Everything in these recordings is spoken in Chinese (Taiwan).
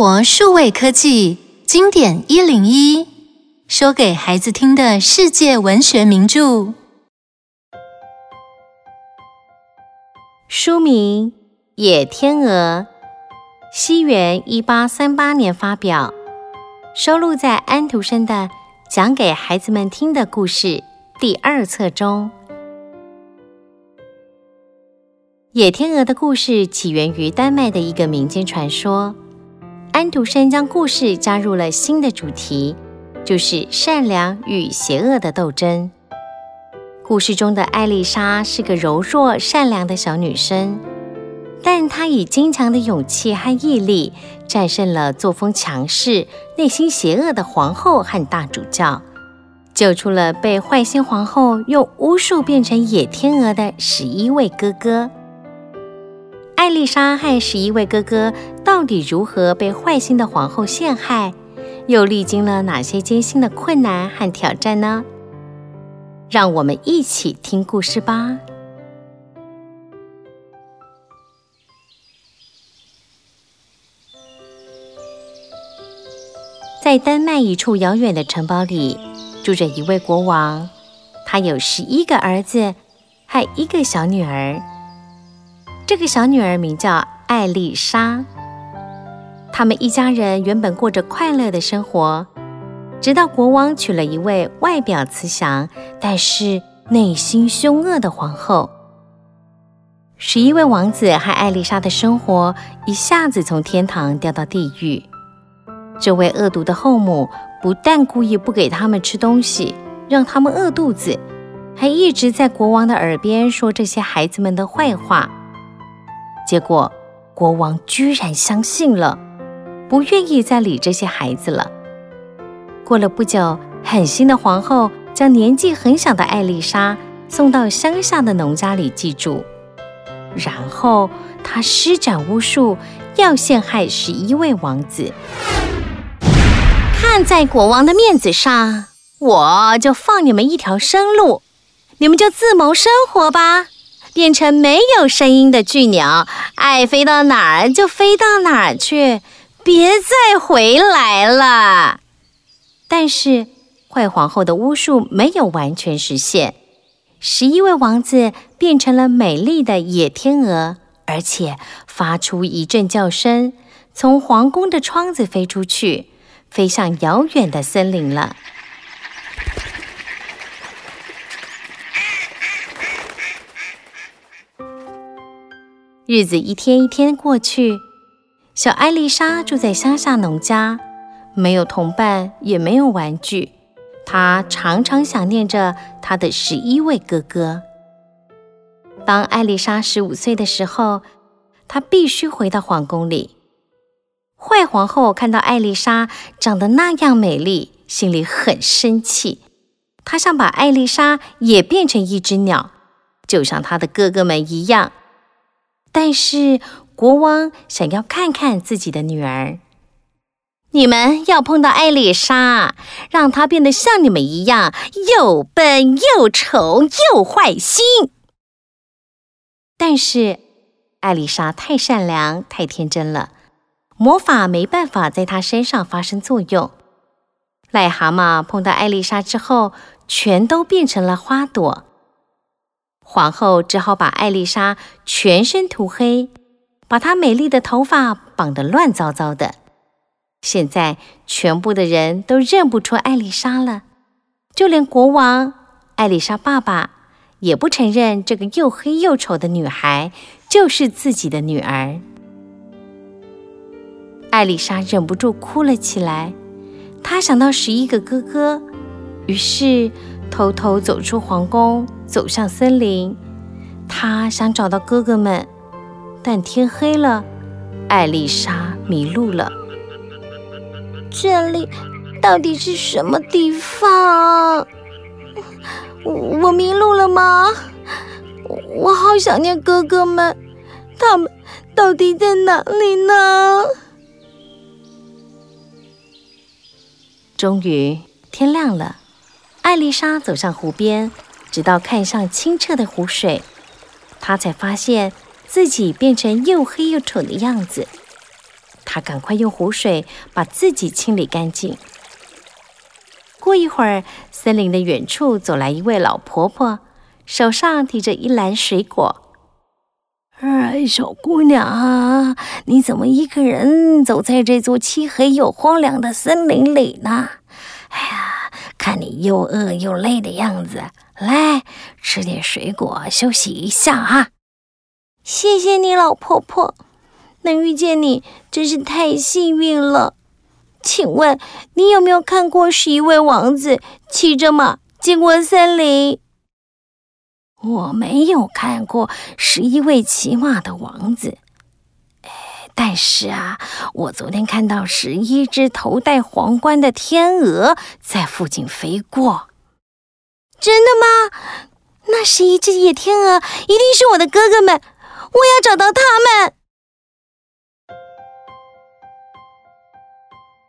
聲活數位科技經典一零一，說給孩子聽的世界文學名著。書名《野天鵝》，西元一八三八年發表，收錄在安徒生的《講給孩子們聽的故事》第二冊中。《野天鵝》的故事起源於丹麥的一個民間傳說。安徒生將故事加入了新的主題，就是善良與邪惡的鬥爭。故事中的艾麗莎是個柔弱善良的小女生，但她以堅強的勇氣和毅力，戰勝了作風強勢、內心邪惡的皇後和大主教，救出了被壞心皇后用巫術變成野天鵝的十一位哥哥。艾麗莎和十一位哥哥。到底如何被壞心的皇后陷害，又歷經了哪些艱辛的困難和挑戰呢？讓我們一起聽故事吧。在丹麥一處遙遠的城堡裡，住着一位國王，他有十一個兒子和一個小女兒。這個小女兒名叫艾麗莎。他們一家人原本過着快樂的生活，直到國王娶了一位外表慈祥，但是內心凶惡的皇後。十一位王子和艾麗莎的生活一下子從天堂掉到地獄。這位惡毒的後母不但故意不給他們吃東西，讓他們餓肚子，還一直在國王的耳邊說這些孩子們的壞話。結果，國王居然相信了。不願意再理這些孩子了。過了不久，狠心的皇后將年紀很小的艾麗莎送到鄉下的農家裡寄住，然後她施展巫術要陷害十一位王子。看在國王的面子上，我就放你們一條生路，你們就自謀生活吧，變成沒有聲音的巨鳥，愛飛到哪兒就飛到哪兒去。別再回來了！但是壞皇後的巫術沒有完全實現，十一位王子變成了美麗的野天鵝，而且發出一陣叫聲，從皇宮的窗子飛出去，飛向遙遠的森林了。日子一天一天過去。小艾麗莎住在鄉下農家，沒有同伴，也沒有玩具。她常常想念着她的十一位哥哥。當艾麗莎十五歲的時候，她必須回到皇宮裡。壞皇後看到艾麗莎長得那樣美麗，心裡很生氣。她想把艾麗莎也變成一隻鳥，就像她的哥哥們一樣。但是，國王想要看看自己的女兒。你們要碰到艾麗莎，讓她變得像你們一樣，又笨又醜又壞心。但是艾麗莎太善良、太天真了，魔法沒辦法在她身上發生作用。癩蛤蟆碰到艾麗莎之後，全都變成了花朵。皇后只好把艾麗莎全身塗黑。把她美麗的頭髮綁得亂糟糟的，現在全部的人都認不出艾麗莎了，就連國王、艾麗莎爸爸也不承認這個又黑又醜的女孩就是自己的女兒。艾麗莎忍不住哭了起來，她想到十一個哥哥，於是偷偷走出皇宮，走向森林，她想找到哥哥們。但天黑了，艾麗莎迷路了。這裡到底是什麼地方？我，我迷路了嗎？我我好想念哥哥們，他們到底在哪裡呢？終於天亮了，艾麗莎走上湖邊，直到看上清澈的湖水，她才發現。自己變成又黑又醜的樣子，他趕快用湖水把自己清理乾淨。過一會兒，森林的遠處走來一位老婆婆，手上提着一籃水果。哎，小姑娘啊，你怎麼一個人走在這座漆黑又荒涼的森林裡呢？哎呀，看你又餓又累的樣子，來吃點水果，休息一下啊。謝謝你，老婆婆，能遇見你真是太幸運了。請問你有沒有看過十一位王子騎着馬經過森林？我沒有看過十一位騎馬的王子。哎，但是啊，我昨天看到十一隻頭戴皇冠的天鵝在附近飛過。真的嗎？那十一隻野天鵝一定是我的哥哥們。我要找到他們。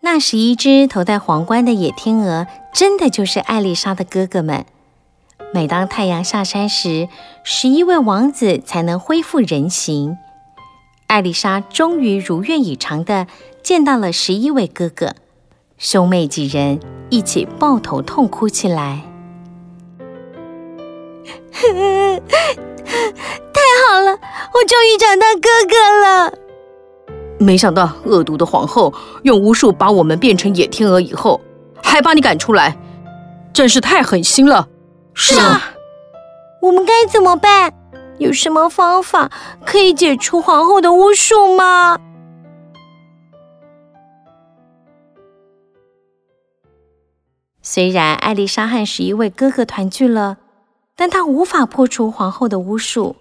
那十一隻頭戴皇冠的野天鵝，真的就是艾麗莎的哥哥們。每當太陽下山時，十一位王子才能恢復人形。艾麗莎終於如願以償的見到了十一位哥哥，兄妹幾人一起抱頭痛哭起來。 好了，我終於找到哥哥了。沒想到惡毒的皇后用巫術把我們變成野天鵝以後，還把你趕出來，真是太狠心了。是嗎啊，我們該怎麼辦？有什麼方法可以解除皇後的巫術嗎？雖然艾麗莎和十一位哥哥團聚了，但她無法破除皇後的巫術。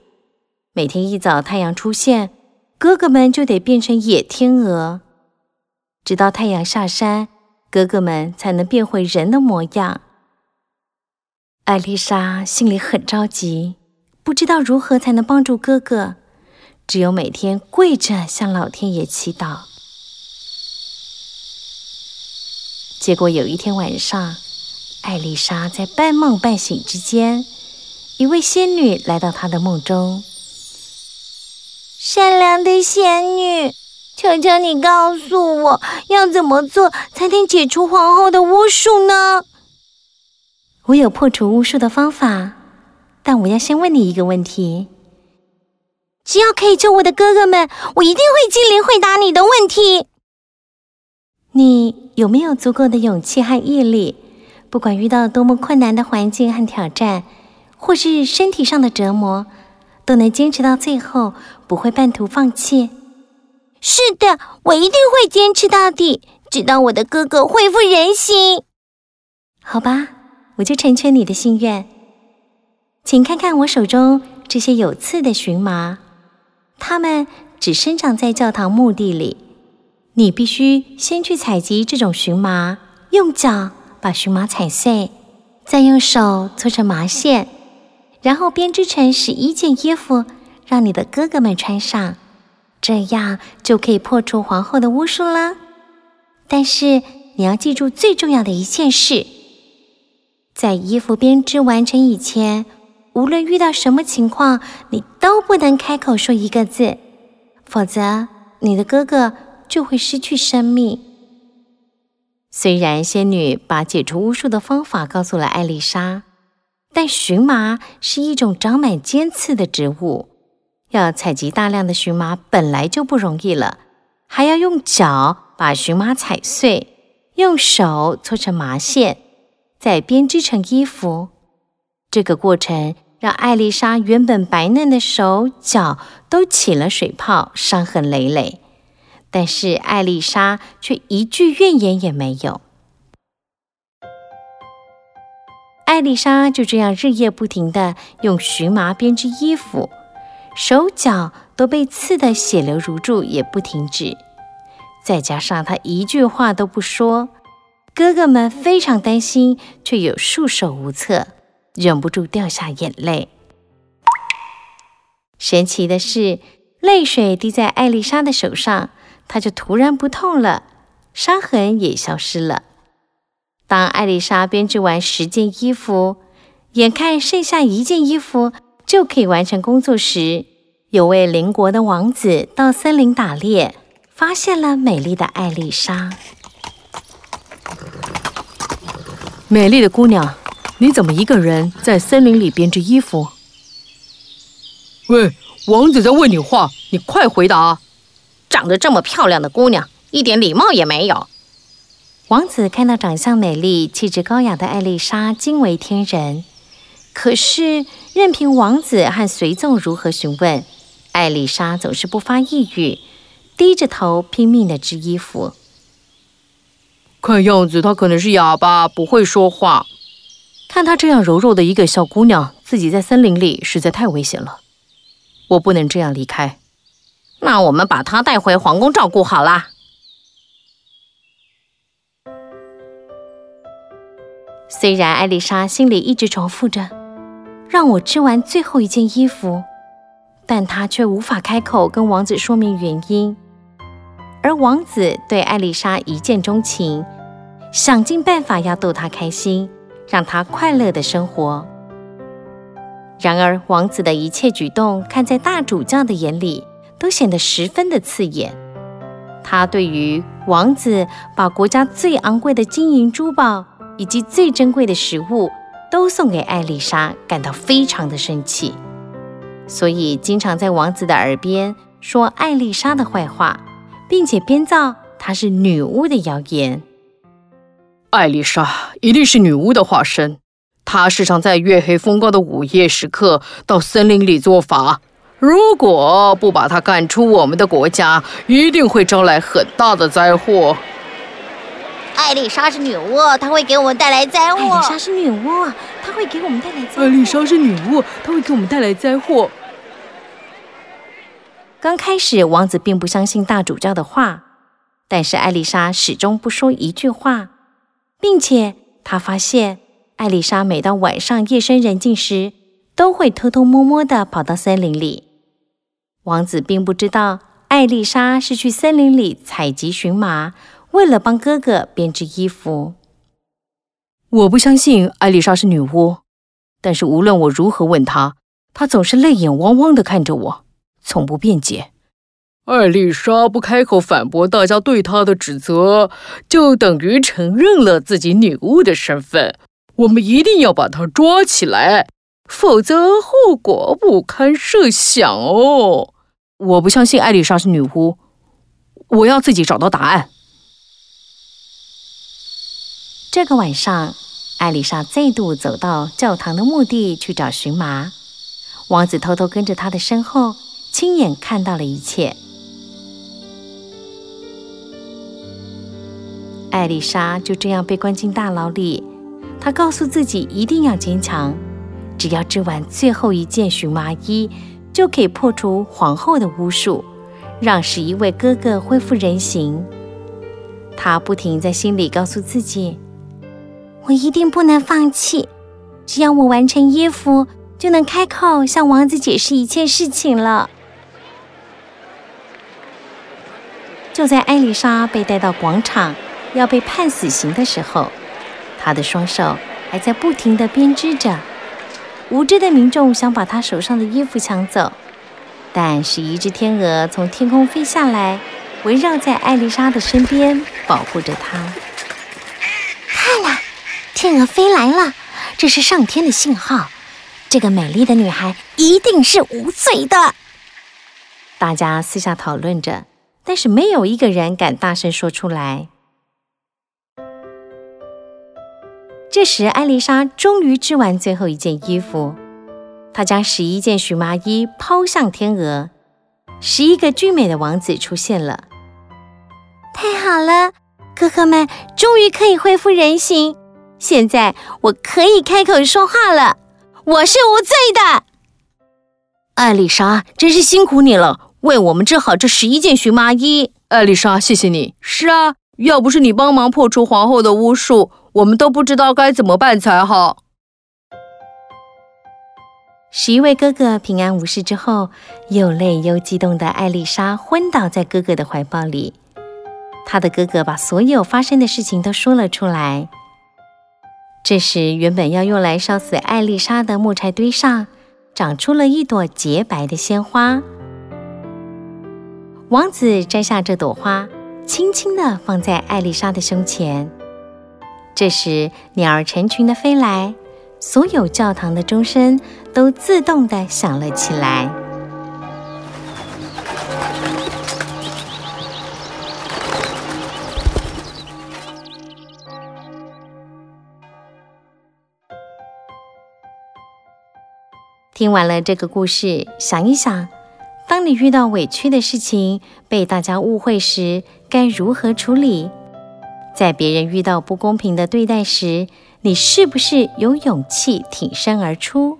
每天一早，太陽出現，哥哥們就得變成野天鵝，直到太陽下山，哥哥們才能變回人的模樣。艾麗莎心裡很着急，不知道如何才能幫助哥哥，只有每天跪着向老天爺祈禱。結果有一天晚上，艾麗莎在半夢半醒之間，一位仙女來到她的夢中。善良的仙女，求求你告訴我，要怎麼做才能解除皇後的巫術呢？我有破除巫術的方法，但我要先問你一個問題。只要可以救我的哥哥們，我一定會盡力回答你的問題。你有沒有足夠的勇氣和毅力？不管遇到多麼困難的環境和挑戰，或是身體上的折磨？都能堅持到最後，不會半途放棄。是的，我一定會堅持到底，直到我的哥哥恢復人形。好吧，我就成全你的心願。請看看我手中這些有刺的蕁麻，它們只生長在教堂墓地裡。你必須先去採集這種蕁麻，用腳把蕁麻踩碎，再用手搓成麻線。然後編織成十一件衣服，讓你的哥哥們穿上，這樣就可以破除皇後的巫術了。但是你要記住最重要的一件事：在衣服編織完成以前，無論遇到什麼情況，你都不能開口說一個字，否則你的哥哥就會失去生命。雖然仙女把解除巫術的方法告訴了艾麗莎。但蕁麻是一種長滿尖刺的植物，要採集大量的蕁麻本來就不容易了，還要用腳把蕁麻踩碎，用手搓成麻線，再編織成衣服。這個過程讓艾麗莎原本白嫩的手腳都起了水泡，傷痕累累。但是艾麗莎卻一句怨言也沒有。艾麗莎就這樣日夜不停地用蕁麻編織衣服，手腳都被刺得血流如注，也不停止。再加上她一句話都不說，哥哥們非常擔心，却又束手無策，忍不住掉下眼淚。神奇的是，淚水滴在艾麗莎的手上，她就突然不痛了，傷痕也消失了。當艾麗莎編織完十件衣服，眼看剩下一件衣服就可以完成工作時，有位鄰國的王子到森林打獵，發現了美麗的艾麗莎。美麗的姑娘，你怎麼一個人在森林裡編織衣服？喂，王子在問你話，你快回答啊！長得這麼漂亮的姑娘，一點禮貌也沒有。王子看到長相美麗、氣質高雅的艾麗莎，驚為天人。可是，任憑王子和隨從如何詢問，艾麗莎總是不發一語，低着頭拼命的織衣服。看樣子，她可能是啞巴，不會說話。看她這樣柔弱的一個小姑娘，自己在森林裡實在太危險了。我不能這樣離開。那我們把她帶回皇宮，照顧好了。雖然艾麗莎心裡一直重複着“讓我織完最後一件衣服”，但她卻無法開口跟王子說明原因。而王子對艾麗莎一見鍾情，想盡辦法要逗她開心，讓她快樂的生活。然而，王子的一切舉動，看在大主教的眼裡，都顯得十分的刺眼。他對於王子把國家最昂貴的金銀珠寶，以及最珍貴的食物都送給艾麗莎，感到非常的生氣，所以經常在王子的耳邊說艾麗莎的壞話，並且編造她是女巫的謠言。艾麗莎一定是女巫的化身，她時常在月黑風高的午夜時刻到森林裡做法。如果不把她趕出我們的國家，一定會招來很大的災禍。艾麗莎是女巫，她會給我們帶來災禍。艾麗莎是女巫，她會給我們帶來災禍。艾麗莎是女巫，她會給我們帶來災禍。災禍。剛開始，王子並不相信大主教的話，但是艾麗莎始終不說一句話，並且他發現艾麗莎每到晚上夜深人靜時，都會偷偷摸摸地跑到森林裡。王子並不知道艾麗莎是去森林裡採集蕁麻，為了幫哥哥編織衣服。我不相信艾麗莎是女巫。但是無論我如何問她，她總是淚眼汪汪地看着我，從不辯解。艾麗莎不開口反駁大家對她的指責，就等於承認了自己女巫的身份。我們一定要把她抓起來，否則後果不堪設想哦！我不相信艾麗莎是女巫，我要自己找到答案。這個晚上，艾麗莎再度走到教堂的墓地去找蕁麻。王子偷偷跟着她的身後，親眼看到了一切。艾麗莎就這樣被關進大牢裡。她告訴自己一定要堅強，只要織完最後一件蕁麻衣，就可以破除皇後的巫術，讓十一位哥哥恢復人形。她不停在心裡告訴自己。我一定不能放棄，只要我完成衣服，就能開口向王子解釋一切事情了。就在艾麗莎被帶到廣場，要被判死刑的時候，她的雙手還在不停地編織着。無知的民眾想把她手上的衣服搶走，但是，一只天鵝從天空飛下來，圍繞在艾麗莎的身邊，保護着她。天鵝飛來了，這是上天的信號。這個美麗的女孩一定是無罪的。大家私下討論着，但是沒有一個人敢大聲說出來。這時，艾麗莎終於織完最後一件衣服，她將十一件蕁麻衣拋向天鵝。十一個俊美的王子出現了。太好了，哥哥們終於可以恢復人形。現在我可以開口說話了，我是無罪的。艾麗莎，真是辛苦你了，為我們織好這十一件蕁麻衣。艾麗莎，謝謝你。是啊，要不是你幫忙破除皇後的巫術，我們都不知道該怎麼辦才好。十一位哥哥平安無事之後，又累又激動的艾麗莎昏倒在哥哥的懷抱裡。她的哥哥把所有發生的事情都說了出來。這時，原本要用來燒死艾麗莎的木柴堆上長出了一朵潔白的鮮花。王子摘下這朵花，輕輕的放在艾麗莎的胸前。這時，鳥兒成群的飛來，所有教堂的鐘聲都自動的響了起來。聽完了這個故事，想一想，當你遇到委屈的事情被大家誤會時，該如何處理？在別人遇到不公平的對待時，你是不是有勇氣挺身而出？